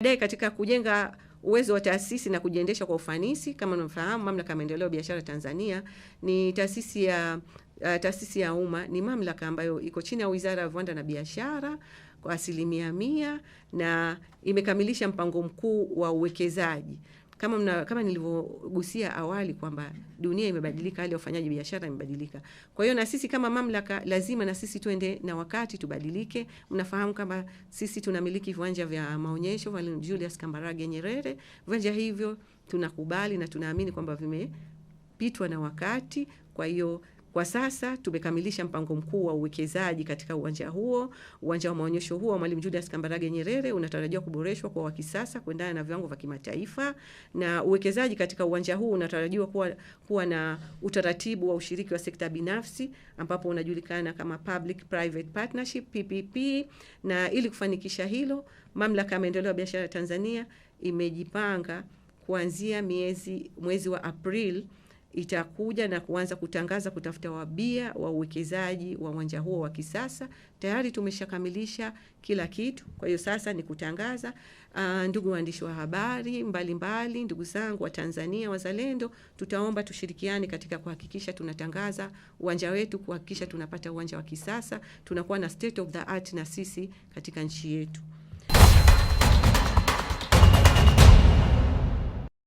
Baadaye katika kujenga uwezo wa taasisi na kujiendesha kwa ufanisi, kama unavyofahamu, Mamlaka ya Maendeleo ya Biashara Tanzania ni taasisi ya uh, taasisi ya umma, ni mamlaka ambayo iko chini ya Wizara ya Viwanda na Biashara kwa asilimia mia na imekamilisha mpango mkuu wa uwekezaji kama mna, kama nilivyogusia awali kwamba dunia imebadilika, hali ya ufanyaji biashara imebadilika. Kwa hiyo na sisi kama mamlaka lazima na sisi tuende na wakati, tubadilike. Mnafahamu kama sisi tunamiliki viwanja vya maonyesho Mwalimu Julius Kambarage Nyerere. Viwanja hivyo tunakubali na tunaamini kwamba vimepitwa na wakati, kwa hiyo kwa sasa tumekamilisha mpango mkuu wa uwekezaji katika uwanja huo. Uwanja wa maonyesho huo wa Mwalimu Julius Kambarage Nyerere unatarajiwa kuboreshwa kwa wa kisasa kuendana na viwango vya kimataifa, na uwekezaji katika uwanja huu unatarajiwa kuwa, kuwa na utaratibu wa ushiriki wa sekta binafsi ambapo unajulikana kama Public Private Partnership PPP, na ili kufanikisha hilo, Mamlaka ya Maendeleo ya Biashara Tanzania imejipanga kuanzia miezi mwezi wa Aprili itakuja na kuanza kutangaza kutafuta wabia wa uwekezaji wa uwanja huo wa kisasa. Tayari tumeshakamilisha kila kitu, kwa hiyo sasa ni kutangaza. Uh, ndugu waandishi wa habari mbalimbali, ndugu zangu wa Tanzania wazalendo, tutaomba tushirikiane katika kuhakikisha tunatangaza uwanja wetu, kuhakikisha tunapata uwanja wa kisasa, tunakuwa na state of the art na sisi katika nchi yetu.